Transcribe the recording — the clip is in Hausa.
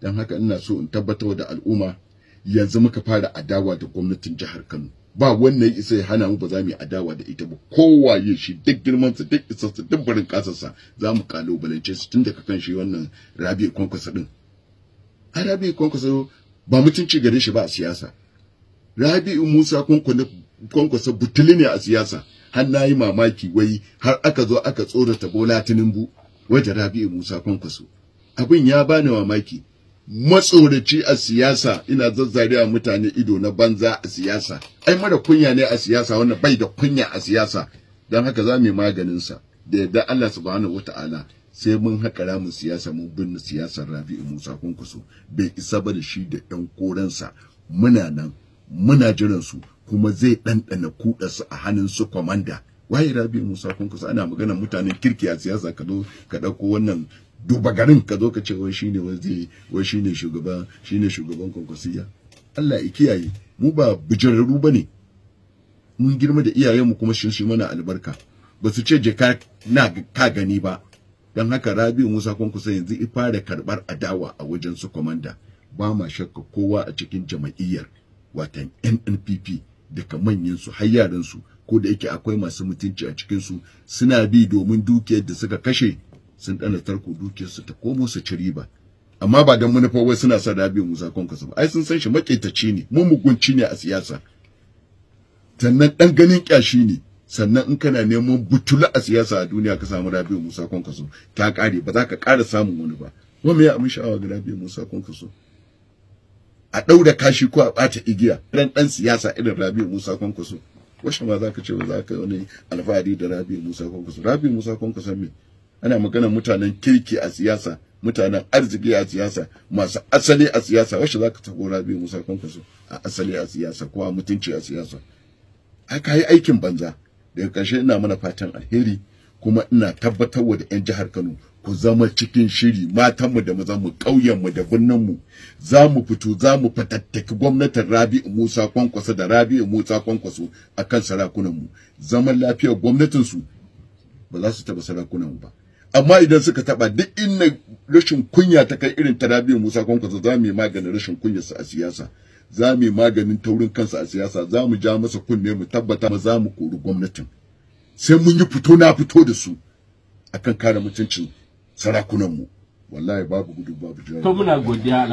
don haka ina so in tabbatar da al'umma yanzu muka fara adawa da gwamnatin jihar Kano ba wannan ya isa ya hana mu ba za mu yi adawa da ita ba kowaye shi duk girman sa duk isar sa duk barin kasar sa za mu kalubalance su tunda daga kan shi wannan Rabi Kwankwasa din a Rabi Kwankwasa ba mutunci gare shi ba a siyasa Rabi Musa Kwankwasa butuli ne a siyasa har na mamaki wai har aka zo aka tsorata Bola Tinubu wajen Rabi Musa Kwankwaso abin ya bani mamaki matsoraci a siyasa ina zazzarewa mutane ido na banza a siyasa ai mara kunya ne a siyasa wannan bai da kunya a siyasa don haka za mu maganin sa da yadda Allah subhanahu wataala sai mun haƙa ramin siyasa mun binne siyasar Rabi'u Musa Kunkusu bai isa ba da shi da 'yan koransa muna nan muna jiran su kuma zai ɗanɗana su a hannun su kwamanda waye Rabi'u Musa Kunkusu ana maganar mutanen kirki a siyasa ka zo ka ɗauko wannan duba garin ka zo ka ce wai shine wai wai shine shugaban shine shugaban Allah ya kiyaye mu ba ba bane mun girma da iyayen mu kuma shin shi mana albarka ba su ce je ka na ka gani ba dan haka Rabi'u Musa Kwankwasa yanzu i fara karbar adawa a wajen su komanda ba ma shakka kowa a cikin jama'iyyar watan NNPP daga manyan su har yaran su ko da yake akwai masu mutunci a cikin su suna bi domin dukiyar da suka kashe sun dana tarko dukiyarsu ta komo su ci riba amma ba don manufa wai suna sa mu musa kwankwaso ba ai sun san shi maƙetaci ne mugunci ne a siyasa sannan ɗan ganin ƙyashi ne sannan in kana neman butula a siyasa a duniya ka samu rabi musa kwankwaso ta ƙare ba za ka ƙara samun wani ba wa me ya amin sha'awa ga rabi musa kwankwaso a daura kashi ko a bata igiya dan ɗan siyasa irin rabi musa kwankwaso wasu ma za ka ce ba za ka yi wani alfahari da rabi musa kwankwaso rabi musa kwankwaso me ana magana mutanen kirki a siyasa mutanen arziki a siyasa masu asali a siyasa Yaushe za ka tafi biyu musa kwankwaso a asali a siyasa ko a mutunci a siyasa aka yi aikin banza daga ƙarshe ina mana fatan alheri kuma ina tabbatar wa da 'yan jihar kano ku zama cikin shiri matanmu da mu, mazanmu mu da birninmu za mu fito za mu fatattaki gwamnatin rabi'u musa kwankwaso da rabi'u musa kwankwaso a kan mu. zaman lafiyar gwamnatinsu ba za su taɓa sarakunanmu ba amma idan suka taba duk inna rashin kunya ta kai irin tarabiyyar Musa Kwankwaso za mu yi maganin rashin kunyarsa a siyasa za mu yi maganin taurin kansa a siyasa za mu ja masa kunne mu tabbata ma za mu kori gwamnatin sai mun yi fito na fito da su akan kare mutuncin sarakunan mu wallahi babu gudu babu jari to muna godiya